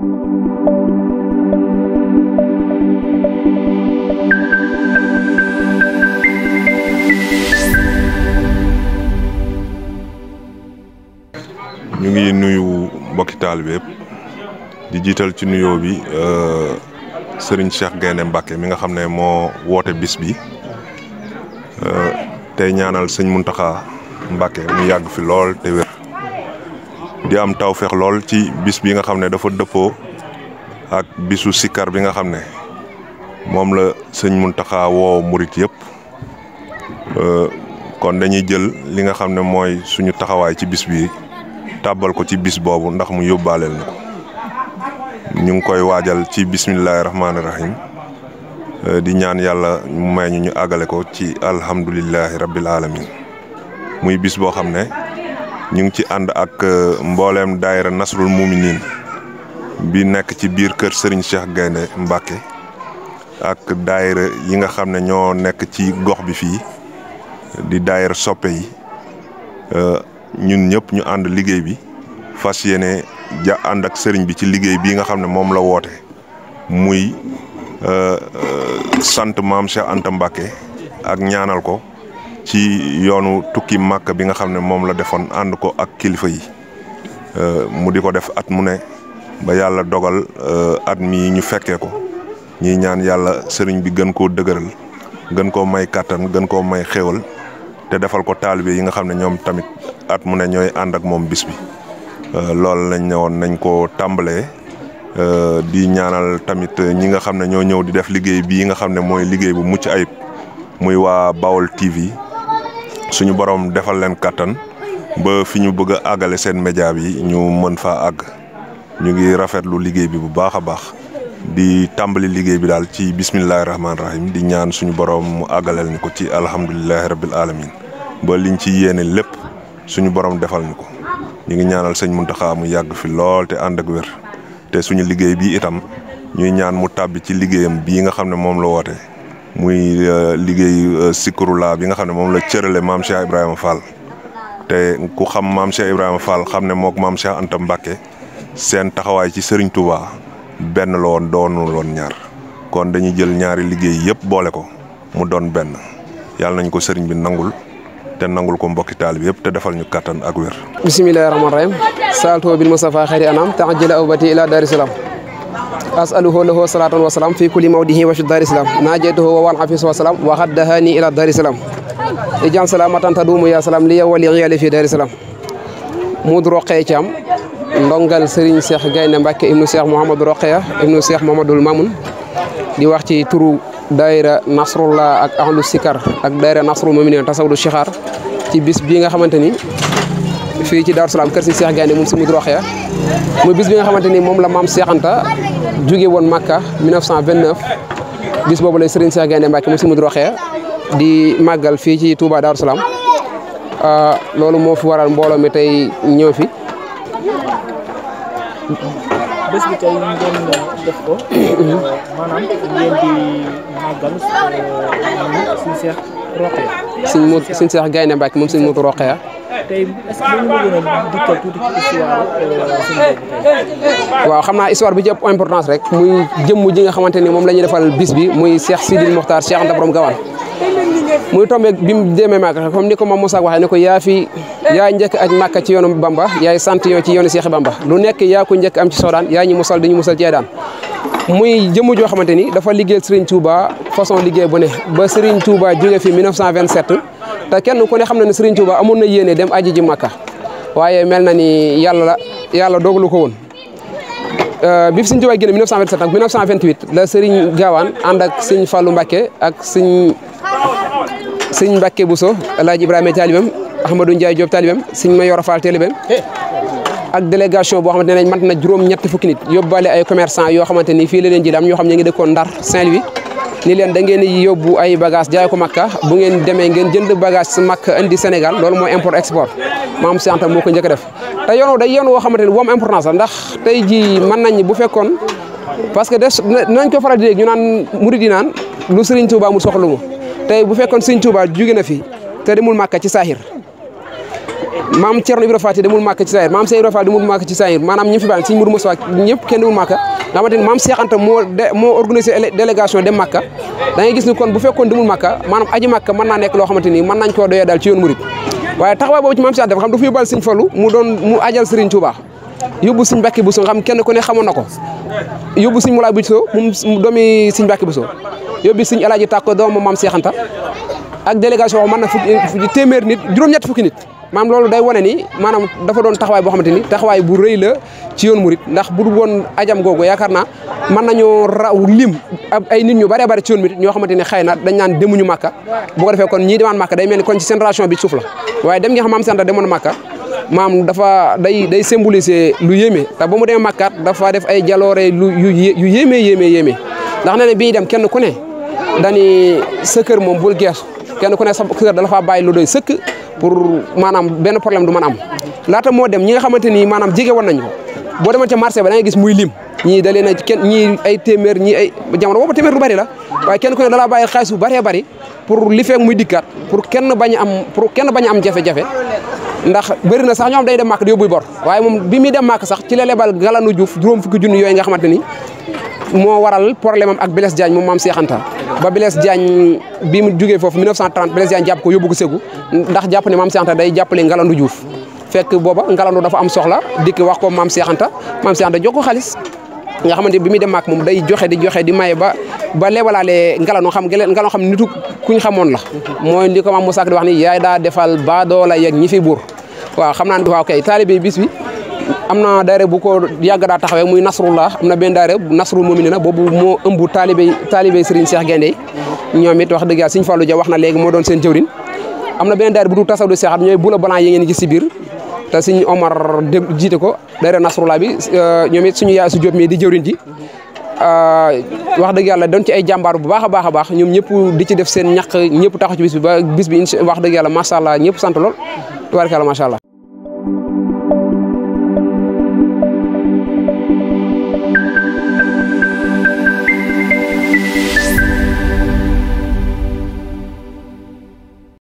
ñu ngi nuyu mbokki taalibe yëpp di jiital ci nuyoo bi euh, sëriñ Cheikh Gaynde Mbacke mi nga xam ne moo woote bis bi euh, tey ñaanal sëñ Mountakha Mbacke mu yàgg fi lool te wér di am tawféex lool ci bis bi nga xam ne dafa dëppoo ak bisu sikkar bi nga xam ne moom la sëñ Muntaxa woo murit yëpp euh, kon dañuy jël li nga xam ne mooy suñu taxawaay ci bis bi tàbbal ko ci bis boobu ndax mu yóbbaaleel na ko ñu ngi koy waajal ci bismillahi rahmaani rahim euh, di ñaan yàlla mu may ñu ñu àggale ko ci alhamdulillahi rabbil alamin muy bis boo xam ne ñu ngi ci ànd ak euh, mbooleem daayira Nasrul Muminin bi nekk ci biir kër Serigne Cheikh Gaynde Mbacke ak daayira yi nga xam ne ñoo nekk ci gox bi fii di daayira soppe yi euh, ñun ñëpp ñu ànd liggéey bi fas yéene ja ànd ak sëriñ bi ci liggéey bii nga xam ne moom la woote muy euh, sant maam Cheikh Anta Mbacke ak ñaanal ko ci yoonu tukki màkk bi nga xam ne moom la defoon ànd ko ak kilifa yi euh, mu di ko def at mu ne ba yàlla dogal euh, at mi ñu fekkee ko ñiy ñaan yàlla sëriñ bi gën koo dëgëral gën koo may kàttan gën koo may xéewal te defal ko taalibe yi nga xam ne ñoom tamit at mu ne ñooy ànd ak moom bis bi euh, loolu lañ ñëwoon nañ ko tàmbalee di ñaanal tamit ñi nga xam ne ñoo ñëw di def liggéey bi yi nga xam ne mooy liggéey bu mucc ayib muy waa Baol TV suñu borom defal leen kàttan ba fi ñu bëgg àggale seen média bi ñu mën faa àgg ñu ngi rafetlu liggéey bi bu baax a baax di tàmbali liggéey bi daal ci bismillahi rahmaani rahim di ñaan suñu borom mu àggaleel ñu ko ci alhamdulilahi rabbil alamin ba liñ ci yéene lépp suñu borom defal ñu ko ñu ngi ñaanal sëñ Muntaxa mu yàgg fi lool te ànd ak wér te suñu liggéey bi itam ñuy ñaan mu tàbbi ci liggéeyam bii nga xam ne moom la woote muy euh, liggéey Zikrulaah euh, bi nga xam ne moom la cërale maam Cheikh Ibrahima Fall te ku xam maam Cheikh Ibrahima Fall xam ne mook maam Cheikh Anta Mbacke seen taxawaay ci Serigne Touba benn la woon doonul woon ñaar kon dañuy jël ñaari liggéey yëpp boole ko mu doon benn yàlla nañ ko Serigne bi nangul te nangul ko mbokki taal bi yëpp te defal ñu kattan ak wér. bisimilah rahmaani rahiim. saalto bil Mustafa xayri anam taajjala la ila Daarisalaam asaluhu lahu salatan wa salam fi kulli mawdihi wa fi dar islam najaytuhu wa wan afis wa salam wa haddahani ila dar islam ijan salamatan tadumu ya salam li wa li ghiyali fi dar islam mud roqee Thiam ndongal Serigne Cheikh Gaynde Mbacke ibnu Cheikh Mouhamadou Roqeya ibnu Cheikh Mouhamadoul Mamoun di wax ci turu daayira Nasrullah ak ahlu sikar ak daayira Nasrul Mu'minin tasawdu Chikhar ci bis bii nga xamante ni ci Darou Salam kër si Cheikh Gaynde moom muy bis bi nga xamante ni moom la maam Cheikh Anta jóge woon Makka 1929 bis boobu lay Serigne Cheikh Gaynde Mbacke mu si mud roxee di màggal fii ci Touba Darou Salaam ah, loolu moo fi waral mbooloo mi tey ñëw fi. bés bi tey ngeen def ko. maanaam euh, Gaynde Mbacke moom suñu mud roxee tey euh, waaw xam naa histoire bi ci importance rek muy jëm ji nga xamante ni moom la ñuy defal bis bi muy Cheikh Sidil Mokhtar seex Anta Borom Gawane muy tombé bi mu demee Màkka comme ni ko Mame Moussa waxee ne ko yaa fi yaa njëkk aj Màkka ci yoonu Bamba yaay sant yoo ci yoonu seex Bamba lu nekk yaa ko njëkk am ci soodaan yaay ñu musal dañu musal ci daan muy jëmm joo xamante ni dafa liggéey Serigne Touba façon liggéey bu ne ba Serigne Touba jóge fi 1927 te kenn ku ne xam na ne Serigne Touba amoon na yéene dem aji ji Makka waaye mel na ni yàlla yàlla dogalu ko woon. Euh, bi fi Serigne Touba génne 1927 ak 1928 la Serigne Gaawaan ànd ak Serigne Fallou mbake ak Serigne Serigne Mbacké Bousso El Hadj Ibrahima taalibam Ahmadou Ndiaye Diop taalibam Serigne Mayoro Fall taalibam ak délégation boo xamante ne mat na juróom ñetti fukki nit yóbbaale ay commerçant yoo xamante ni fii la leen ji am ñoo xam leen da ngeen di yóbbu ay bagage jaay ko Makka bu ngeen demee ngeen jënd bagage sa Makka indi Sénégal loolu mooy import export maam si Anta moo ko njëkk def te yoon day yoon woo xamante ni woom importance la ndax tey jii mën nañ bu fekkoon parce que des nañ ko faral di dégg ñu naan murid yi naan lu Serigne Touba mu soxlu ma tey bu fekkoon Serigne Touba jóge na fi te demul Makka ci saaxir maam Thierno Ibra Faty demul màkk ci saayir maam Cheikh Ibra Faty demul màkk ci saayir maanaam ñëpp fi bàyyi nga maam Cheikh moo moo organisé dem màkk da gis ni kon bu fekkoon mu màkk maanaam aj màkk mën naa nekk loo xamante ni mën nañ koo doyee daal ci yoon murit waaye taxawaay boobu ci maam Cheikh dafa xam dafa yóbbal Sëriñ Fallu mu doon mu ajal Sëriñ Tuubaa yóbbu Sëriñ Mbàkke Buso nga xam kenn ku ne xamoon na ko yóbbu Sëriñ Mulaay Buso mu doomi Sëriñ Mbàkke Buso yóbbu Sëriñ Alaaji Tàkko doomu maam Cheikh ak délégation mën na fukki téeméer nit juróom-ñett fukki nit maanaam loolu day wone ni maanaam dafa doon taxawaay boo xamante ni taxawaay bu rëy la ci yoon murit ndax bu dul woon ajam googu yaakaar naa mën nañoo raw lim ay nit ñu bëree bëri ci yoon murit ñoo xamante ni xay na dañ naan demuñu màkka bu ko defee kon ñii demaan màkka day mel ni kon ci génération bi suuf la waaye dem nga xam maam Santa demoon màkka maam dafa day day symboliser lu yéeme te ba mu demee màkkaat dafa def ay jaloore lu yu yéeme yéeme yéeme ndax nee na bi dem kenn ku ne dani sa kër moom bul geesu kenn ku ne sa kër dala faa bàyyi lu doy sëkk pour maanaam benn problème du mën am laata moo dem ñi nga xamante ni maanaam jege woon nañ ko boo demoon ca marché ba da gis muy lim ñii da na a kenn ñii ay téeméer ñii ay jamono boobu téeméer du bari la waaye kenn ku ne dalaa bàyyi xaalis bu bëree bëri pour li muy dikkaat pour kenn bañ am pour kenn bañ am jafe-jafe ndax bëri na sax ñoom day dem màkk di yóbbuy bor waaye moom bi muy dem màkk sax ci la lebal galanu juuf juróom fukki junni yooyu nga xamante ni moo waral problème am ak Blaise jaañ moom maam Cheikh Anta ba Blaise Diagne bi mu jugee foofu 1930 Blaise Diagne jàpp ko yóbbu ko Ségou ndax jàpp ne maam Cheikh Anta day jàppale Ngalandou Diouf fekk booba Ngalandou dafa am soxla dikk wax ko maam Cheikh Anta maam Cheikh Anta jox ko xaalis nga xamante bi muy dem ak moom day joxe di joxe di maye ba ba leebalaale Ngalandou xam Ngalandou xam nitu kuñ xamoon la mooy li ko maam Moussa di wax ni yaay daa defal baadoola yeeg ñi fi buur waaw xam naa ne waaw kay taalibe bis bi am na daayira bu ko yàgg daa taxawee muy nasrullah am na benn daayira nasrul na boobu moo ëmb taalibe taalibe Serigne Cheikh Gaynde ñoom it wax dëgg yàlla Serigne Fallou wax na léegi moo doon seen jëwrin am na benn daayira bu du tasawdu seexat ñooy bula balan yi ngeen gis si biir te Serigne Omar dé jiite ko daayira nasrullah bi euh, ñoom it suñu yaay su Jóob mi di jëwrin ji euh, wax dëgg yàlla doon ci ay jàmbaar bu baax a baax a baax ñoom ñëpp di ci def seen ñaq ñëpp tax ci bis bi ba bis bi wax dëgg yàlla macha allah ñëpp sant lool tubaarkalla macha allah